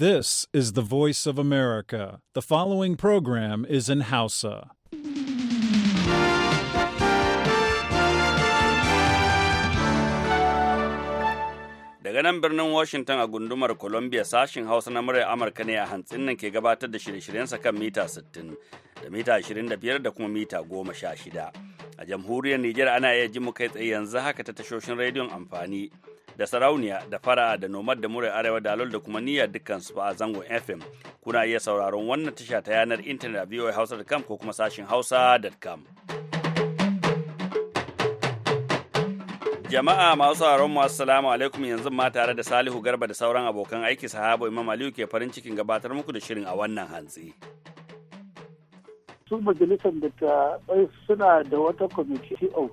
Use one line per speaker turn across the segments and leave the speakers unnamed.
This is the voice of America. The following program is in Hausa.
Daga nan birnin Washington a gundumar Columbia sashin Hausa na muryar Amurka ne a hantsin nan ke gabatar da shirye-shiryensa kan mita 60 da mita 25 da kuma mita 16. A jamhuriyar Nijar ana iya ji mu kai tsaye yanzu haka ta tashoshin rediyon amfani. da sarauniya da fara da nomad da murai arewa da alol da kuma niyyar dukkan su a zango fm kuna iya sauraron wannan tasha ta yanar intanet a voahausa.com ko kuma sashin hausa.com jama'a masu sauraron masu salamu alaikum yanzu ma tare da salihu garba da sauran abokan aiki sahabo imam aliyu ke farin cikin gabatar muku da shirin a wannan hantsi
su majalisar da ta suna da wata committee of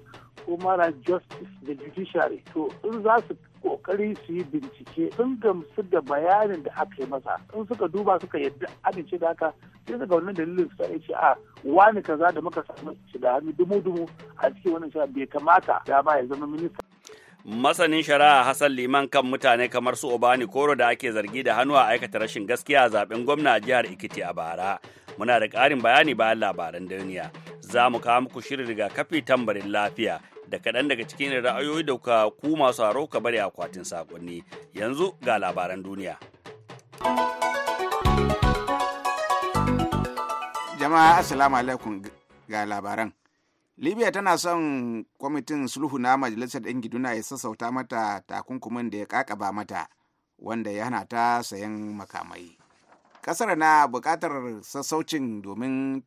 human justice da judiciary to in za su kokari su yi bincike sun gamsu da bayanin da aka yi masa sun suka duba suka yadda amince da haka sai suka wannan dalilin su sai ce a wani kaza da muka samu shi da hannu dumu dumu a cikin wannan shara bai kamata da ba ya zama minista
masanin shari'a Hassan Liman kan mutane kamar su Obani Koro da ake zargi da hannu a aikata rashin gaskiya a zaben gwamna a jihar Ikiti a bara. Muna da karin bayani bayan labaran duniya. Za mu kawo muku shirin rigakafi tambarin lafiya da kaɗan daga cikin ra'ayoyi da ku masu haro ka bari akwatin sakonni yanzu ga labaran duniya
jama'a assalamu alaikum ga labaran libya tana son kwamitin sulhu na majalisar ɗin giduna ya sassauta mata takunkumin da ya ƙaƙaba mata wanda ya hana ta sayan makamai kasar na bukatar sassaucin domin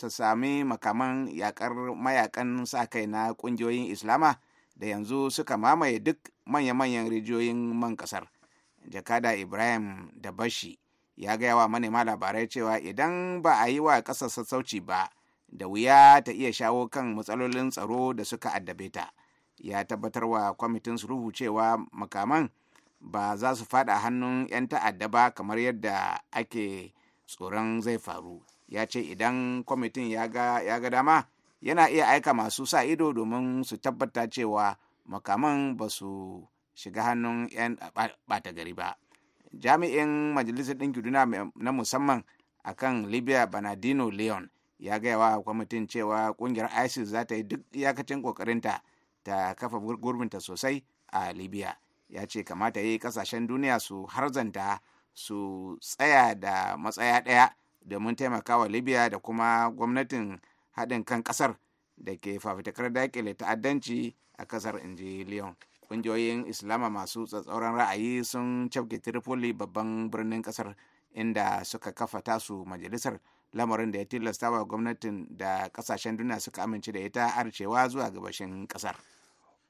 ta sami makaman yakar mayakan sa kai na ƙungiyoyin islama da yanzu suka mamaye duk manya-manyan rijiyoyin man kasar jakada ibrahim da bashi ya gaya wa manema labarai cewa idan ba a yi wa kasar sassauci ba da wuya ta iya shawo kan matsalolin tsaro da suka addabe ta ya tabbatar wa kwamitin suruhu cewa makaman ba za su fada hannun 'yan ta'adda ba kamar yadda ake tsoron zai faru ya ce idan kwamitin ya ga dama yana iya aika masu sa ido domin su tabbata cewa makaman ba su shiga hannun 'yan bata gari ba jami'in majalisar ɗinki duna na musamman a kan libya banadino leon ya gaya wa kwamitin cewa ƙungiyar isis za ta yi duk iyakacin ƙoƙarinta ta kafa gurbinta sosai a libya ya ce kamata ya yi kasashen duniya su harzanta su tsaya da matsaya ɗaya domin taimakawa libya da kuma gwamnatin haɗin kan ƙasar da ke fafitakar daƙile ta'addanci a ƙasar inji leon ƙungiyoyin islama masu tsatsauran ra'ayi sun cafke tripoli babban birnin ƙasar inda suka kafa tasu majalisar lamarin da ya tilasta wa gwamnatin da ƙasashen duniya suka amince da ita arcewa zuwa gabashin ƙasar.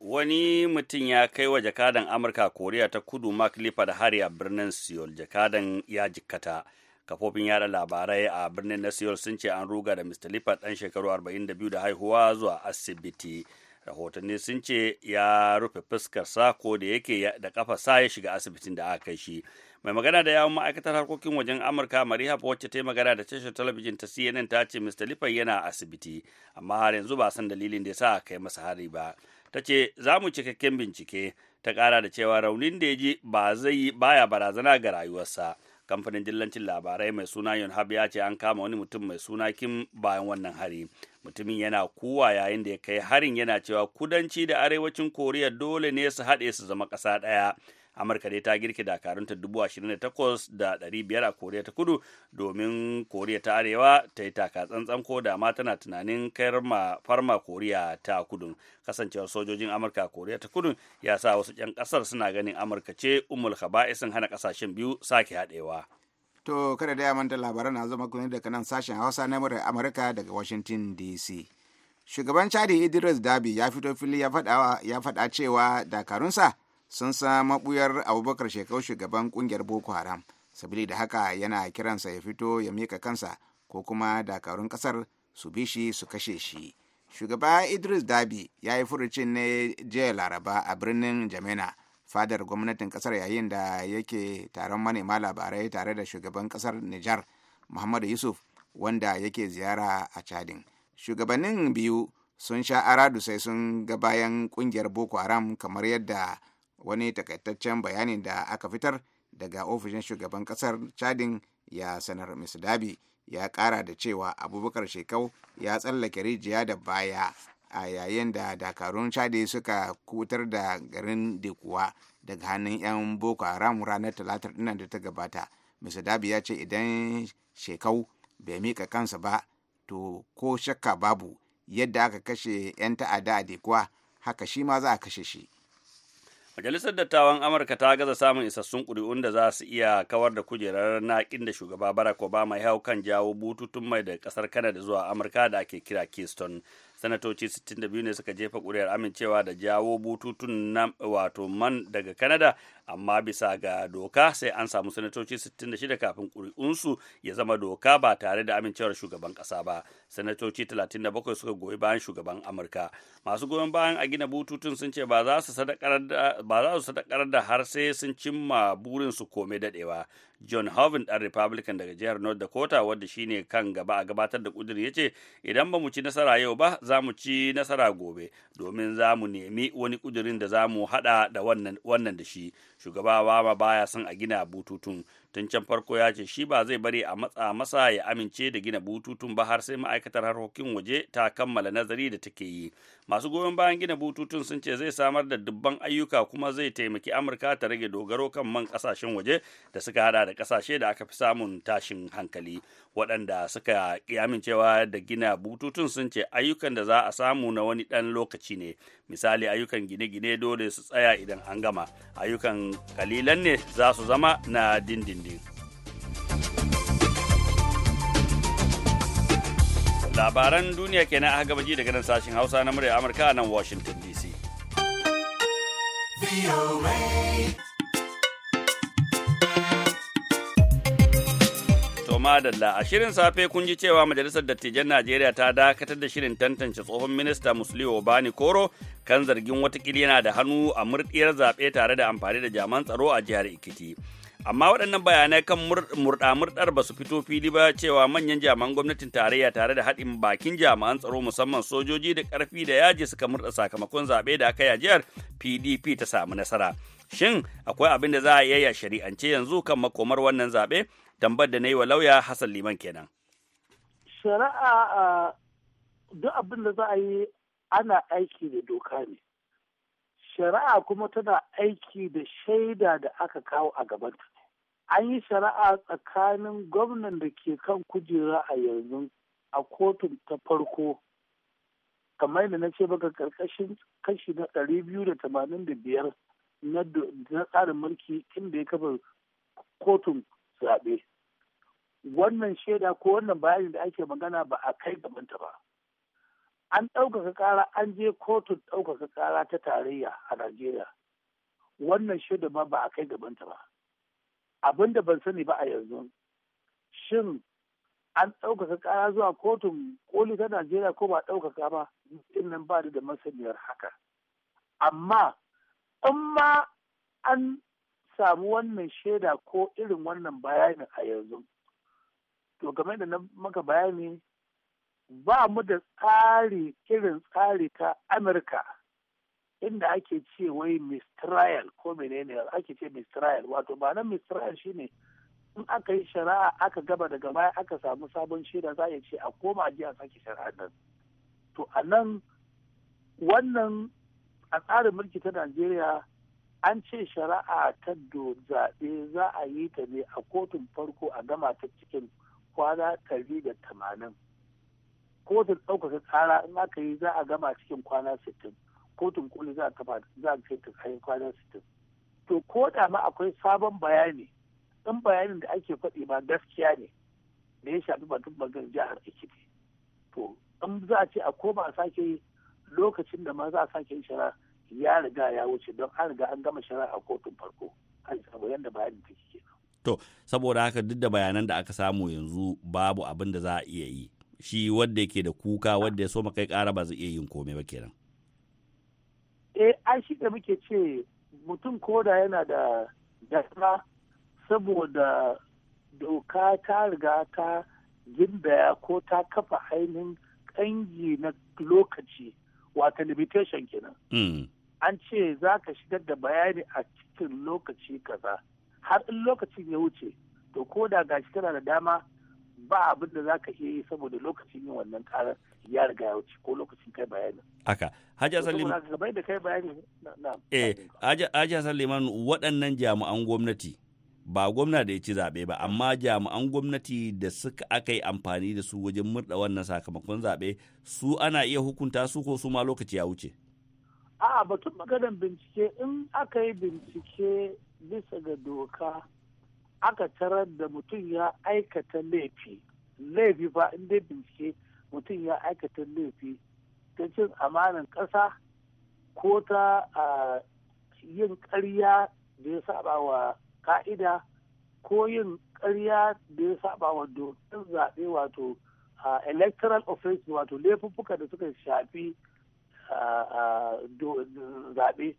wani mutum ya kai wa jakadan amurka koriya ta kudu mark lipa da hari a birnin seoul jakadan ya jikkata kafofin yada labarai a birnin na seoul sun ce an ruga da mr lipa dan shekaru 42 da haihuwa zuwa asibiti rahotanni sun ce ya rufe fuskarsa ko da yake da kafa ya shiga asibitin da aka kai shi mai magana da yawon ma'aikatar harkokin wajen amurka mariha wacce ta yi magana da tashar talabijin ta cnn ta ce mr lipan yana asibiti amma har yanzu ba san dalilin da ya sa kai masa hari ba ta ce za mu cikakken bincike ta kara da cewa raunin da ya ji ba zai yi baya barazana ga rayuwarsa kamfanin dillancin labarai mai suna yonhab ya ce an kama wani mutum mai suna kim bayan wannan hari mutumin yana kuwa yayin da ya kai harin yana cewa kudanci da arewacin koriya dole ne su haɗe su zama ƙasa ɗaya amurka dai ta girke dakarunta dubu ashirin da ɗari biyar a koriya ta kudu domin koriya ta arewa ta yi taka tsantsan ko da ma tana tunanin kayar ma farma koriya ta kudu kasancewar sojojin amurka a koriya ta kudu ya sa wasu 'yan ƙasar suna ganin amurka ce umul isin hana ƙasashen biyu sake haɗewa
to kada da ya manta labaran na zama kuma daga nan sashen hausa na murar amurka daga washington dc shugaban chadi idris dabi ya fito fili ya faɗa cewa dakarunsa sun sa mabuyar abubakar shekau shugaban kungiyar boko haram sabili da haka yana kiransa ya fito ya mika kansa ko kuma dakarun kasar su bi shi su kashe shi shugaba idris dabi ya yi furucin ne jiya laraba a birnin jamena fadar gwamnatin kasar yayin da yake taron manema labarai tare da shugaban kasar nijar muhammadu yusuf wanda yake ziyara a chadin shugabannin biyu sun sha aradu sai sun ga bayan kungiyar boko haram kamar yadda wani takaitaccen bayanin da aka fitar daga ofishin shugaban kasar chadin ya sanar Mr. Dabi ya kara da cewa abubakar shekau ya tsallake rijiya da baya a yayin da dakarun chadi suka kutar da garin dekuwa daga hannun 'yan boko haram ranar talatar dinar da ta gabata Mr. Dabi ya ce idan shekau bai mika kansa ba to ko shakka babu yadda aka kashe 'yan ta'ada a dekuwa haka shi ma za a kashe shi
Majalisar Dattawan Amurka ta gaza samun isassun ƙuri'un da za su iya kawar da kujerar naƙin da shugaba Barack Obama ya hau kan jawo bututun mai da ƙasar Canada zuwa Amurka da ake kira Keystone. sanatoci 62 ne suka jefa kuri'ar amincewa da jawo bututun na wato man daga kanada amma bisa ga doka sai an samu sanatoci 66 kafin kuri'unsu ya zama doka ba tare da amincewar shugaban ƙasa ba sanatoci 37 suka goyi bayan shugaban amurka masu goyon bayan a gina bututun sun ce ba za su sadakar da har sai sun cimma burinsu kome dadewa. john hoven ɗan republican daga jihar north dakota wadda shine kan gaba a gabatar da kudin ya ce idan ba mu ci nasara yau ba za mu ci nasara gobe domin za mu nemi wani kudurin da za mu haɗa da wannan da shi shugaba ba baya son a gina bututun tun can farko ya ce shi ba zai bari a matsa masa ya amince da gina bututun ba har sai ma'aikatar harkokin waje ta kammala nazari da take yi masu goyon bayan gina bututun sun ce zai samar da dubban ayyuka kuma zai taimaki amurka ta rage dogaro kan man kasashen waje da suka hada da kasashe da aka fi samun tashin hankali waɗanda suka ƙi amincewa da gina bututun sun ce ayyukan da za a samu na wani ɗan lokaci ne misali ayyukan gine-gine dole su tsaya idan an gama ayyukan kalilan ne za su zama na dindin Labaran duniya kenan aka gabaji daga nan sashen Hausa na murya Amurka a nan Washington DC. madalla a shirin safe kun ji cewa majalisar dattijan najeriya ta dakatar da shirin tantance tsohon minista musliu bani koro kan zargin watakila yana da hannu a murɗiyar zaɓe tare da amfani da jaman tsaro a jihar ikiti amma waɗannan bayanai kan murɗa-murɗar ba su fito fili ba cewa manyan jami'an gwamnatin tarayya tare da haɗin bakin jami'an tsaro musamman sojoji da ƙarfi da yaji suka murɗa sakamakon zaɓe da aka yajiyar pdp ta samu nasara shin akwai abin da za a iya shari'ance yanzu kan makomar wannan zaɓe tambar da na yi wa lauya hassan liman kenan
shari'a duk abin da za a yi ana aiki da doka ne shari'a kuma tana aiki da shaida da aka kawo a gabanta an yi shari'a tsakanin gwamnan da ke kan kujera a yanzu a kotun ta farko kamar da na ce baka karkashin kashi na ɗari biyu da tamanin da biyar na tsarin mulki inda ya kafa kotun zaɓe wannan shaida ko wannan bayanin da ake magana ba a kai gabanta ba an ɗaukaka ƙara an je kotun ɗaukaka ƙara ta tarayya a najeriya wannan shaida ma ba a kai gabanta ba abin da ban sani ba a yanzu shin an ɗaukaka ƙara zuwa kotun koli ta najeriya ko ba ɗaukaka ba din nan ba da masaniyar haka amma in ma an samu wannan shaida ko irin wannan bayani a yanzu to game da na maka bayani ba mu da tsari irin tsari ta amurka inda ake ce wai mistrial ko menene ake ce mistrial wato ba nan mistrial shine in aka yi shari'a aka gaba daga baya aka samu sabon shaida za a ce a koma ji a sake shari'a nan to a nan wannan a tsarin mulki ta najeriya an ce shari'a ta zaɓe za a yi ta ne a kotun farko a gama ta cikin kwana ɗari da tamanin kotun ɗaukaka tsara in aka yi za a gama cikin kwana sittin kotun koli za a kafa za a kai ta kayan kwana sittin to ko da ma akwai sabon bayani ɗan bayanin da ake faɗi ba gaskiya ne da ya shafi batun bangaren jihar Ekiti to in za a ce a koma a sake lokacin da ma za a sake shara ya riga ya wuce don an riga an gama shara a kotun farko an samu yadda bayanin ta ke.
to saboda haka duk da bayanan da aka samu yanzu babu abin da za a iya yi shi wadda yake da kuka wadda ya so kai kara ba zai iya yin komai ba kenan
eh ai shi da muke ce mutum koda yana da dama saboda doka ta riga ta gindaya ko ta kafa ainihin kangi na lokaci wata limitation kenan hmm. an ce za ka shigar da bayani a cikin lokaci kaza har in lokacin ya wuce to ko da gashi tana da dama ba abin da za ka iya yi saboda lokacin yin wannan karar ya riga ya wuce ko lokacin kai bayani.
Aka, Hajji Hassan Liman.
Gabai da kai bayani.
Eh, Hajji Hassan waɗannan jami'an gwamnati ba gwamna da ya ci zaɓe ba amma jami'an gwamnati da suka aka yi amfani da su wajen murɗa wannan sakamakon zaɓe su ana iya hukunta su ko su ma lokaci ya wuce.
A'a batun maganar bincike in aka yi bincike bisa ga doka aka tarar da mutum ya aikata laifi laifi ba inda bincike mutum ya aikata laifi ta cin amanan ƙasa ko ta yin ƙarya da ya saba wa ka'ida ko yin ƙarya da ya saba wa dokin zaɓe wato electoral office wato laifuffuka da suka shafi zaɓe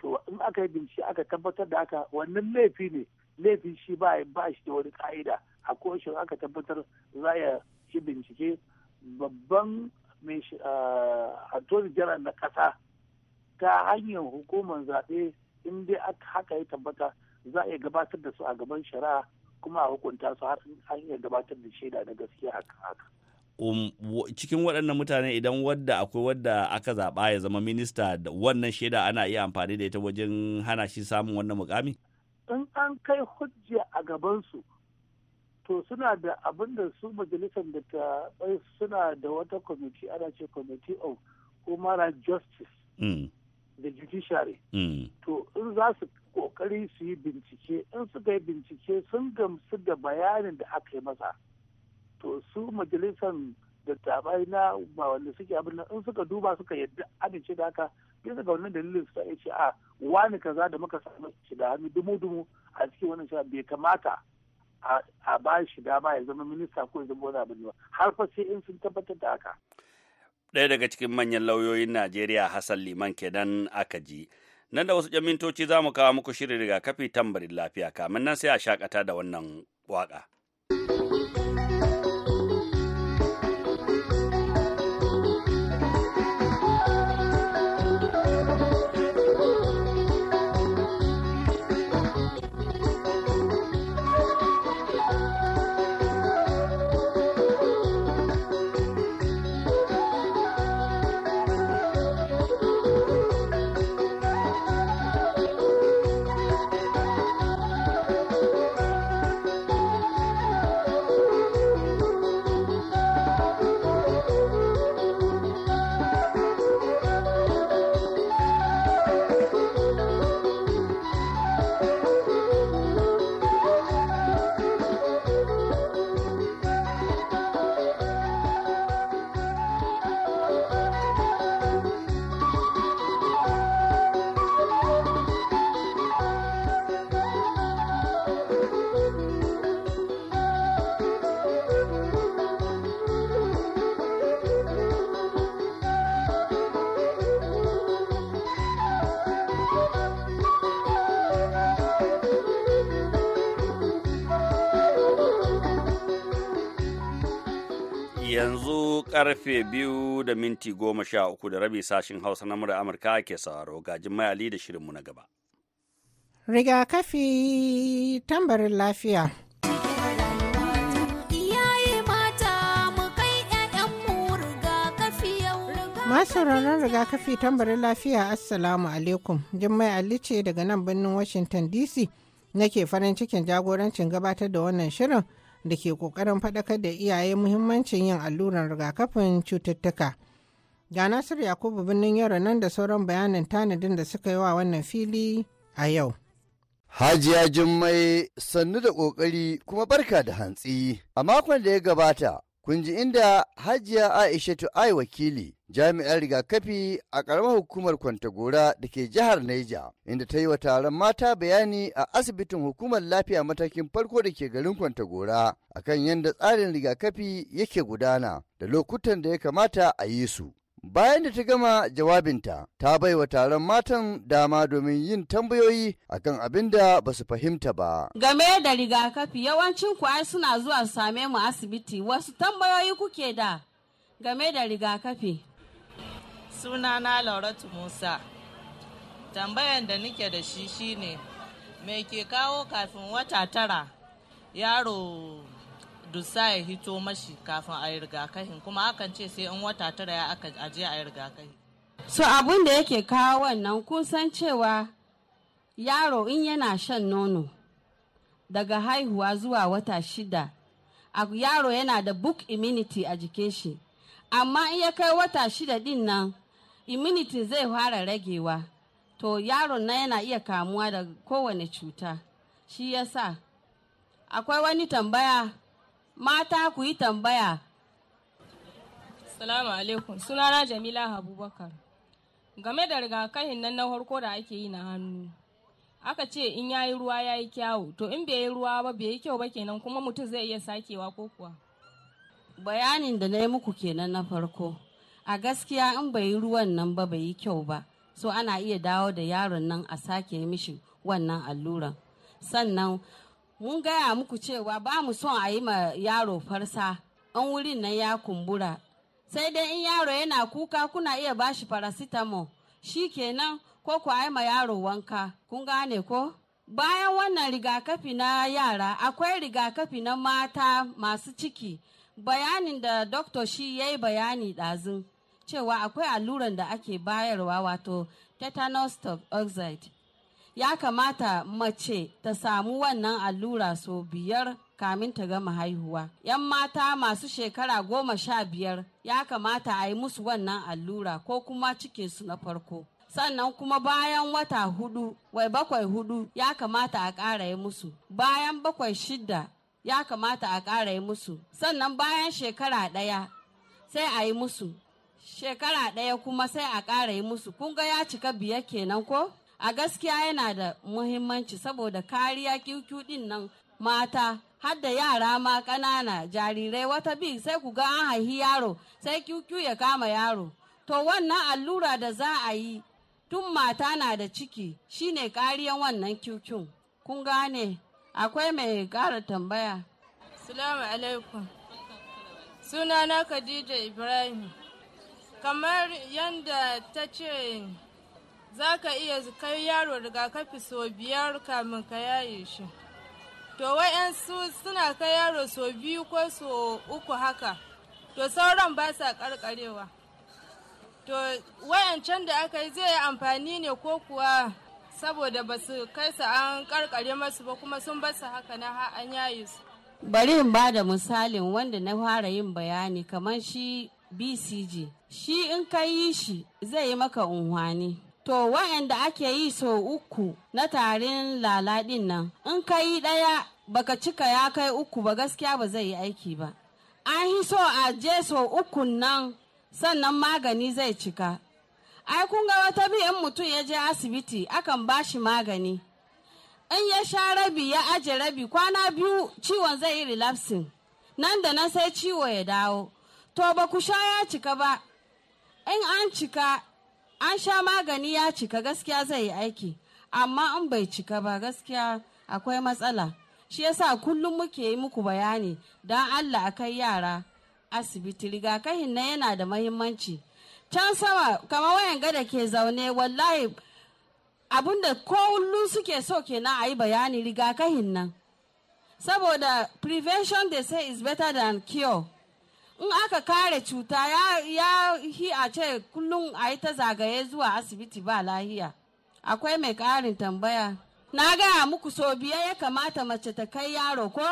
to in aka yi bincike aka tabbatar da aka wannan laifi ne laifin shi ba ba shi da wani ka'ida a koshin aka tabbatar za ya shi bincike babban attorney general na kasa ta hanyar hukumar zaɓe in dai haka ya tabbata za a iya gabatar da su a gaban shari'a kuma a hukunta su har an iya gabatar da shaida na gaskiya haka haka.
Um, cikin waɗannan mutane idan wadda akwai wadda aka zaɓa ya zama minista wannan shaida ana iya amfani da ita wajen hana shi samun wannan mukami?
in an kai hujja a gabansu to suna da abin da su majalisar da ta suna da wata kwamiti ana ce committee of human justice mm. da judiciary mm. to in za su kokari su yi bincike in suka yi bincike sun gamsu da bayanin da aka yi masa to su majalisar da ta na ba wanda suke abin nan in suka duba suka yadda amince da haka bisa ga wannan dalilin su ya ce a wani kaza da muka samu shiga hannu dumu-dumu a cikin wannan shiga bai kamata a ba shi dama ya zama minista ko ya zama wani abu ne ba har fa sai in sun tabbatar da haka.
ɗaya daga cikin manyan lauyoyin Najeriya Hassan Liman kenan aka ji. Nan da wasu jamintoci za mu kawo muku shirin rigakafi tambarin lafiya kamar nan sai a shakata da wannan waka. karfe biyu da minti goma sha uku da rabi sashin hausa na murar amurka ke sauraro gajin mayali da shirinmu na gaba
rigakafi tambarin lafiya masu ranar rigakafi tambarin lafiya assalamu alaikum jimmai ali ce daga nan birnin washington dc nake farin cikin jagorancin gabatar da wannan shirin da ke kokarin faɗakar da iyaye muhimmancin yin alluran rigakafin cututtuka. Ga Nasiru Yakubu birnin Yaro nan da sauran bayanin tanadin da suka yi wa wannan fili a yau. Hajiya
Jummai sannu da ƙoƙari kuma barka da hantsi. A makon da ya gabata, Kun ji inda Hajiya Aishatu Ai wakili jami'ar rigakafi a ƙaramar hukumar Kwantagora da ke jihar Neja, inda ta yi wa taron mata bayani a asibitin hukumar lafiya matakin farko da ke garin Kwantagora akan yadda tsarin rigakafi yake gudana da lokutan da ya kamata a yi su. Bayan da ta gama jawabinta, ta baiwa taron matan dama domin yin tambayoyi akan abin da ba su fahimta ba.
Game da rigakafi yawancin ku ai suna zuwa same mu asibiti wasu tambayoyi kuke da game da rigakafi.
Sunana Lauratu Musa. Tambayan da nike da shi shine me ke kawo kafin wata tara yaro dusa ya hito mashi kafin a yi kuma akan ce sai in wata tara ya aka aje a yi rigakafi so
abun da yake kawo wannan kun san cewa yaro in yana shan nono daga haihuwa zuwa wata shida yaro yana da book immunity a jikin shi amma in ya kai wata shida din nan immunity zai fara ragewa to yaron na yana iya kamuwa da kowane cuta shi yasa akwai wani tambaya mata ku yi tambaya salamu alaikum sunana jamila habubakar game da rigakafin nan na harko da ake yi na hannu aka ce in ya yi ruwa ya yi kyawu to in bai yi ruwa ba bai yi kyau ba kenan kuma mutum zai iya sakewa ko kuwa bayanin da na yi muku kenan na farko a gaskiya in bai yi ruwan nan ba bai yi kyau ba so ana iya dawo da yaron nan a sake mishi wannan alluran sannan mun gaya muku cewa ba mu son a yi ma yaro farsa an wurin nan ya kumbura sai dai in yaro yana kuka kuna iya ba shi farasitamo shi kenan ko ku ma yaro wanka kun gane ko bayan wannan rigakafi na yara akwai rigakafi na mata masu ciki bayanin da doktor shi ya yi bayani ɗazu cewa akwai alluran da ake bayarwa wato tetanus oxide ya kamata mace ta samu wannan allura so biyar kamin ta gama haihuwa. 'Yan mata masu shekara goma sha biyar ya kamata a yi musu wannan allura ko kuma cikinsu na farko. sannan kuma bayan wata hudu wai bakwai hudu ya kamata a ƙara yi musu bayan bakwai shidda ya kamata a ƙara yi musu sannan bayan shekara ɗaya sai a yi musu shekara ɗaya kuma sai a ƙara yi musu kun ga ya cika biyar kenan ko a gaskiya yana da muhimmanci saboda kariya kyukyu nan mata har da yara ma ƙanana jarirai wata bi sai ku ga an haihi yaro sai kyukyu ya kama yaro to wannan allura da za a yi tun mata na da ciki shine kariyan wannan kyukyun kun gane akwai mai ƙara tambaya salamu alaikum na khadija ibrahim kamar yanda ta ce za ka iya kai yaro rigakafi sau biyar kamin ka yaye shi to wa'yansu suna kai yaro sau biyu ko sau uku haka to sauran ba sa karkarewa to wayancan da aka yi zai yi amfani ne ko kuwa saboda ba su kai su an karkare masu ba kuma sun basu haka na an yaye su bari in ba da misalin wanda na fara yin bayani kamar shi bcg shi in ka yi shi zai yi maka unhwani To da ake yi sau uku na tarin lalaɗin nan, in ka yi ɗaya baka cika ya kai uku ba gaskiya ba zai yi aiki ba. An yi so a je sau uku nan sannan magani zai cika. Ai kun ga wata biyan mutum ya je asibiti akan ba shi magani. In ya sha rabi ya aje rabi kwana biyu ciwon zai yi relapsing. Nan da nan sai ciwo ya dawo. To ba ku sha ya cika ba. In an cika an sha magani ya cika gaskiya zai yi aiki amma an bai cika ba gaskiya akwai matsala shi yasa kullum muke yi muku bayani don allah a kai yara asibiti rigakafin nan yana da mahimmanci can sama kamar wayan gada ke zaune wallahi abinda kullum suke so kenan a yi bayani rigakafin nan saboda prevention they say is better than cure in aka kare cuta ya, hi a ce kullum a yi ta zagaye zuwa asibiti ba lahiya akwai mai karin tambaya na gaya muku so biyar ya kamata mace ta kai yaro ko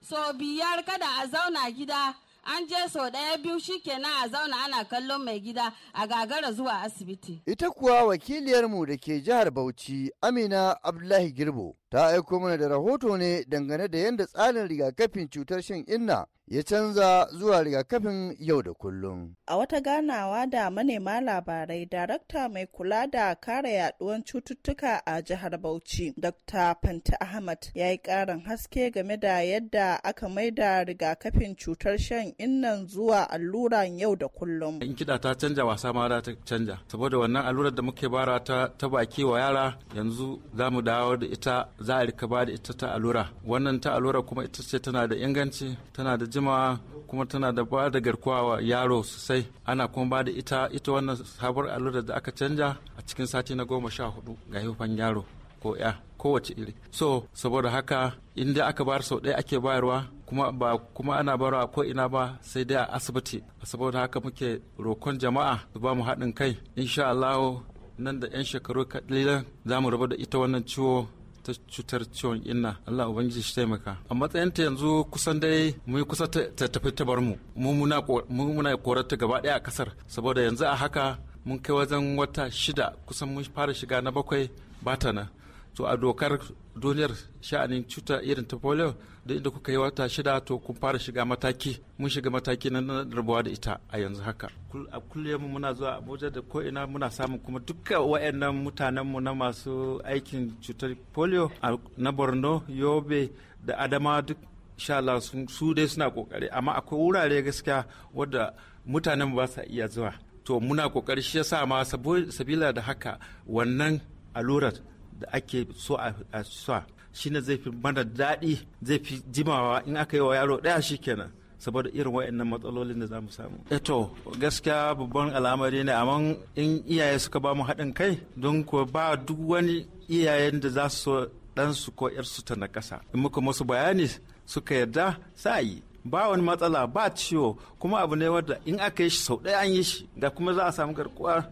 so biyar kada a zauna gida an je sau ɗaya biyu shi shikenan a zauna ana kallon mai gida a gagara zuwa
asibiti ita kuwa wakiliyarmu da ke jihar bauchi amina abdullahi girbo ta aiko mana da rahoto ne dangane da yadda tsarin rigakafin cutar shan inna ya canza zuwa rigakafin yau da kullum.
A wata ganawa da manema labarai, darakta mai kula da kare yaduwan cututtuka a jihar Bauchi, Dr. Fanta Ahmad ya yi karin haske game da yadda aka mai da rigakafin cutar shan innan zuwa alluran yau da kullum.
In kiɗa ta canja wasa ma ta canja, saboda wannan allurar da muke bara ta, ta baki wa yara yanzu za mu dawo da ita za a rika ba da ita ta allura wannan ta allura kuma ita ce tana da inganci tana da jimawa kuma tana da ba da garkuwa wa yaro sosai ana kuma ba da ita ita wannan sabuwar allura da aka canja a cikin sati na goma sha hudu ga haifan yaro ko ya kowace iri so saboda haka in da aka bayar sau ɗaya ake bayarwa kuma ba kuma ana barawa ko ina ba sai dai a asibiti saboda haka muke rokon jama'a su ba mu haɗin kai insha Allah nan da 'yan shekaru kalilan za mu rabu da ita wannan ciwo ta cutar ciwon inna Allah ubangiji shi taimaka a matsayin ta yanzu kusan dai mu kusa ta tafi ta bar mu mu muna korar ta gaba daya a kasar saboda yanzu a haka mun kai wajen wata shida kusan mun fara shiga na bakwai bata nan to a dokar duniyar sha'anin cuta irin ta polio da inda kuka yi wata shida to kun fara shiga mataki mun shiga mataki na rabuwa da ita a yanzu haka a kullum muna zuwa abuja da ko'ina muna samun kuma duka waannan mutanenmu na masu aikin cutar polio na borno yobe da adama duk sha su dai suna kokari amma akwai wurare gaskiya wadda mutanenmu ba sa iya zuwa to muna kokari shi yasa ma sabila da haka wannan allurar da ake so a sa ne zai fi mana daɗi zai fi jimawa in aka yi wa yaro ɗaya shi kenan saboda irin waɗannan matsalolin da za mu samu. Eto eh gaskiya babban al'amari ne amma in iyaye suka ba mu haɗin kai don ko ba duk wani iyayen da za su dan ɗansu ko su ta na ƙasa. In muka musu bayani suka yarda sa yi. ba wani matsala ba ciwo kuma abu ne wadda in aka yi shi sau ɗaya an yi shi da kuma za a samu garkuwa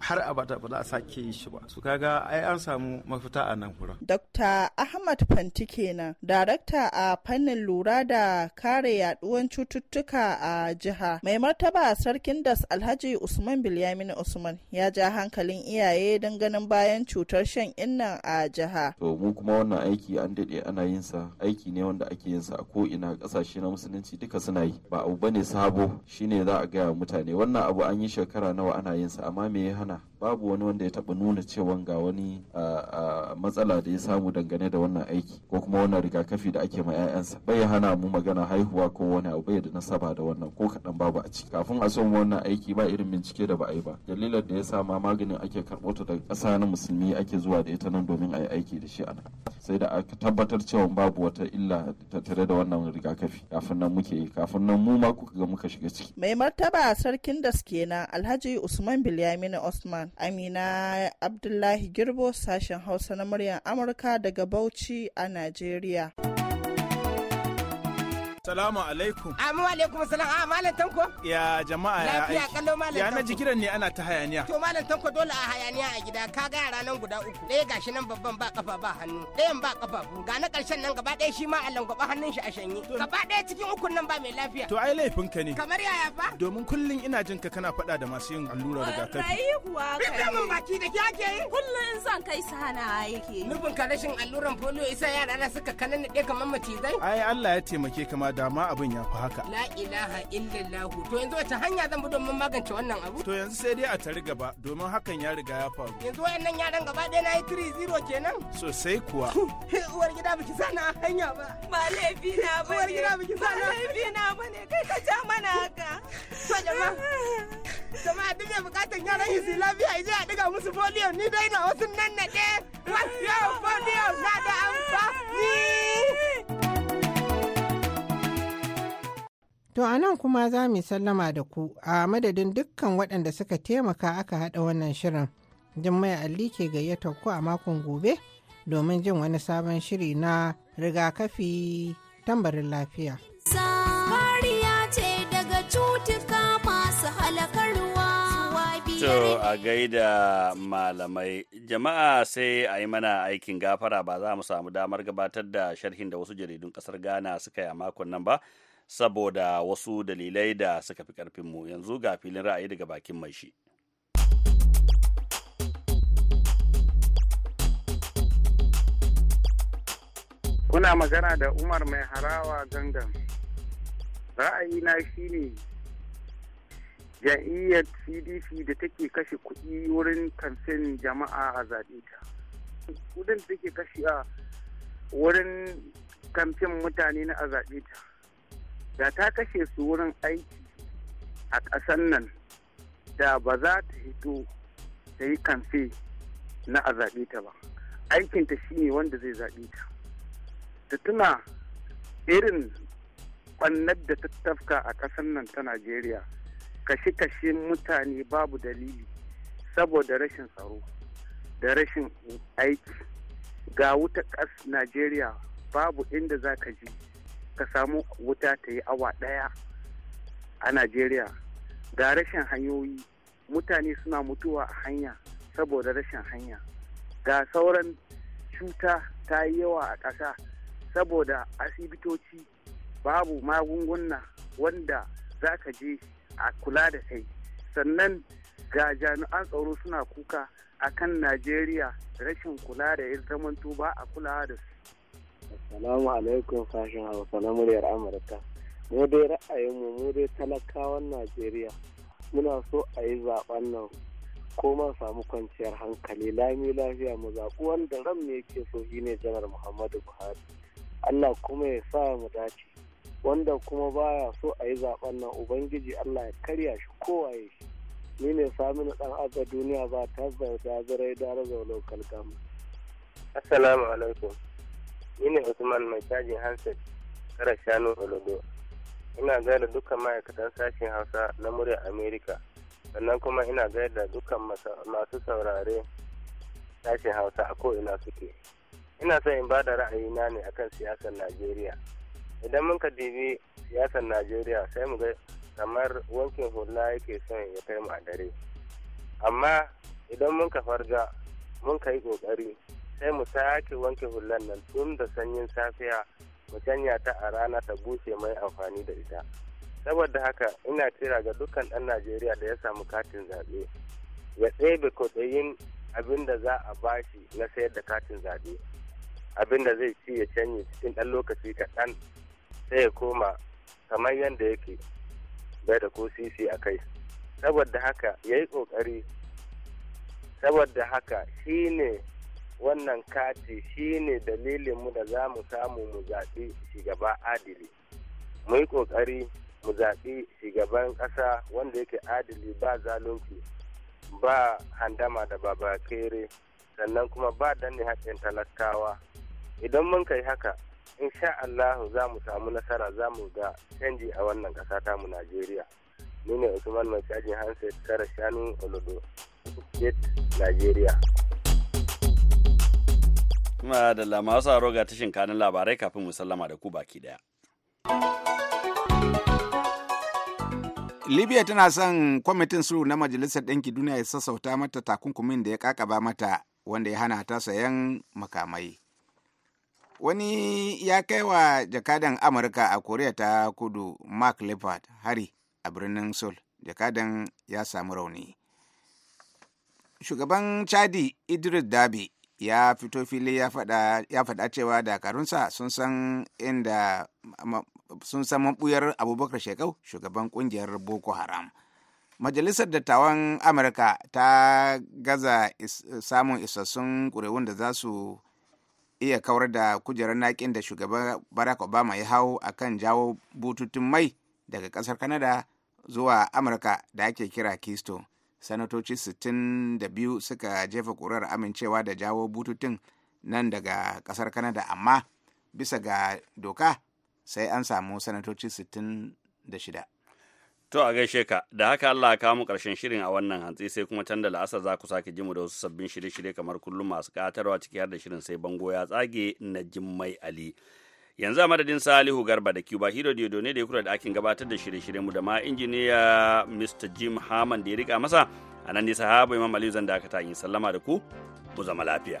har abada ba za a sake yi shi ba su kaga ai an samu mafita a nan wurin.
Dr. Ahmad Fanti kenan darakta a fannin lura da kare yaduwan cututtuka a jiha mai martaba sarkin das Alhaji Usman Bilyamin Usman ya ja hankalin iyaye don ganin bayan cutar shan innan a jiha.
To mu kuma wannan aiki an daɗe ana yin sa aiki ne wanda ake yin sa a ko ina kasashe na musulunci duka suna yi ba abu bane sabo shine za a gaya mutane wannan abu an yi shekara nawa ana yin sa amma uma né babu wani wanda ya taba nuna cewa ga wani matsala da ya samu dangane da wannan aiki ko kuma wannan rigakafi da ake ma 'ya'yansa bai hana mu magana haihuwa ko wani abu bai da nasaba da wannan ko kaɗan babu a ciki kafin a son wannan aiki ba irin bincike da ba a yi ba dalilan da ya sa ma maganin ake karɓo ta daga ƙasa na musulmi ake zuwa da ita nan domin a yi aiki da shi a nan sai da aka tabbatar cewa babu wata illa tare da wannan rigakafi kafin nan muke yi kafin nan mu ma kuka ga muka shiga ciki
mai martaba sarkin da na alhaji usman bilyamina osman Amina Abdullahi Girbo sashen Hausa na muryar Amurka daga Bauchi a Najeriya.
Salamu alaikum. Amu ah,
alaikum salam. A ah, malam tanko?
Ya jama'a ya aiki. Lafiya kallo malam tanko. Ya na jikiran ne ana ta hayaniya. To
malam
tanko dole a hayaniya a gida ka ga yara nan guda uku. Ɗaya gashi nan babban ba kafa ba hannu. Ɗayan ba kafa ga na ƙarshen nan gaba ɗaya shi ma a langwaba hannun shi a shanye. Gaba ɗaya cikin ukun nan ba mai lafiya. To ai
laifin ka ne. Kamar yaya fa? Domin kullum ina jin ka kana faɗa da masu yin allurar rigakafi. Rai
kuwa kai. mun baki da ke ake yi. Kullum in zan kai sana aiki. Nufin ka rashin alluran polio isa yara na suka kanana ɗaya kamar macizai.
Ai Allah ya taimake kamar cewa dama abin ya fi haka.
La ilaha illallah to yanzu wace hanya zan bi domin magance wannan abu?
To yanzu sai dai a tari gaba
domin hakan ya riga ya faru.
Yanzu wayannan yaran gaba ɗaya na yi tiri zero kenan?
Sosai kuwa.
Uwar gida biki sana hanya ba. Ba laifi na ba ne. Uwar gida biki sana. Ba laifi na ba ne kai ka ja mana haka. To jama'a. Jama'a duk mai bukatan yaran yi su lafiya yanzu a ɗiga musu foliyo ni dai na wasu nan na ɗaya. Masu yawan foliyo na da amfani.
To a nan kuma za mu sallama da ku a madadin dukkan waɗanda suka taimaka aka haɗa wannan shirin. Jummai Alli ke gayyatar ku a makon gobe domin jin wani sabon shiri na rigakafi tambarin lafiya.
Kariya
ce daga cutuka masu halakarwa. To a
gaida malamai, jama'a sai a yi mana aikin gafara ba za mu samu damar gabatar da sharhin da wasu jaridun ƙasar Ghana suka yi a makon nan ba. saboda wasu dalilai da suka fi karfinmu yanzu ga filin ra'ayi daga bakin mai shi.
Kuna magana da Umar mai harawa gangan. Ra'ayina shi ne jam'iyyar cdc da take kashe kuɗi wurin kamfen jama'a a zaɓe ta. Kudin da take kashe a wurin kamfen mutane na a zaɓe ta. da ta kashe su wurin aiki a ƙasan nan da ba za ta hito ta yi kamfe na a zaɓe ta ba aikinta shi ne wanda zai zaɓe ta ta tuna irin kwannar da ta tafka a ƙasan nan ta najeriya kashe-kashe mutane babu dalili saboda rashin tsaro da rashin aiki ga wuta ƙas najeriya babu inda za ka je ka samu wuta ta yi awa ɗaya a najeriya ga rashin hanyoyi mutane suna mutuwa a hanya saboda rashin hanya ga sauran cuta ta yi yawa a ƙasa saboda asibitoci babu magunguna wanda za ka je a kula da kai sannan ga jami'an tsaro suna kuka a kan najeriya rashin kula da ya zamanto ba a kulawa da su
Assalamu alaikum sashen Hausa na muryar Amurka. Mu dai ra'ayin mu mu dai talakawan Najeriya muna so a yi zaɓen nan ko ma samu kwanciyar hankali lami lafiya mu zaɓi wanda ran ne yake so shine janar Muhammadu Buhari. Allah kuma ya sa mu dace. Wanda kuma baya so a yi zaɓen nan Ubangiji Allah ya karya shi kowaye shi. Ni ne Saminu ɗan aga duniya ba ta da da razau lokal gama. Assalamu alaikum. Ni ne Usman mai cajin hanset kara shanu Olodo. Ina gaida dukkan ma'aikatan sashen Hausa na murya Amerika. Sannan kuma ina gaida dukkan masu saurare sashen Hausa a ko'ina suke. Ina son in ba bada na ne akan siyasar Najeriya. Idan mun ka dibi siyasar Najeriya sai mu ga kamar wankin hula yake son ya kai mu a dare. Amma idan mun ka farga mun ka yi ƙoƙari sai mu sake wanke hulan nan tun da sanyin safiya mu canja ta a rana ta bushe mai amfani da ita saboda haka ina kira ga dukkan ɗan najeriya da ya samu katin zaɓe ya ɗebe kwaɗayin abin da za a bashi na sayar da katin zaɓe abin da zai ci ya canye cikin ɗan lokaci kaɗan sai ya koma kamar yadda yake bai da ko sisi a kai saboda haka ya yi ƙoƙari saboda haka shi ne wannan kati shi ne dalilinmu da za mu samu mu zaɓi shugaba adili mu yi ƙoƙari mu zaɓi shugaban ƙasa wanda yake adili ba zalunci ba handama da babakere sannan kuma ba danne haƙƙin talakawa idan mun kai haka insha Allahu za mu samu nasara za mu ga canji a wannan ƙasa ta mu Najeriya ni ne Usman Mai Cajin Hanset Kara Shanu Olodo State Najeriya
Madalla masu aro ga tashin kanin labarai kafin mu sallama da ku baki daya.
Libya tana son kwamitin sulhu na Majalisar Ɗinki Duniya ya sassauta mata takunkumin da ya kakaba mata wanda ya hana ta sayan makamai. Wani ya kai wa jakadan Amurka a Koriya ta Kudu Mark Leopard hari a birnin Seoul. Jakadan ya samu rauni. Shugaban Chadi Idris Dabi ya fito fili ya faɗa cewa dakarunsa sun san inda sun san mabuyar abubakar shekau shugaban kungiyar boko haram majalisar dattawan amurka ta gaza samun isassun ƙuri'un da za su iya kawar da kujerar nakin da shugaban barack obama ya hau a kan jawo bututun mai daga ƙasar kanada zuwa amurka da ake kira keystone sanatoci 62 suka jefa ƙuri'ar amincewa da jawo bututun nan daga ƙasar kanada amma bisa ga doka sai an samu sanatoci 66
To a gaishe ka, da haka Allah ka mu ƙarshen shirin a wannan hantsi sai kuma can da la'asar za ku sake jimu da wasu sabbin shirye-shirye kamar kullum masu ƙatarwa ciki har da shirin sai bango ya tsage na Jimmai Ali. yanzu a madadin salihu garba da cuba hero da ne da ya kura da akin gabatar da shirye-shiryen mu da ma injiniya mr jim haman da ya rika masa a nan nisa sahaba imam aliyu zan dakata yin sallama da ku mu zama lafiya.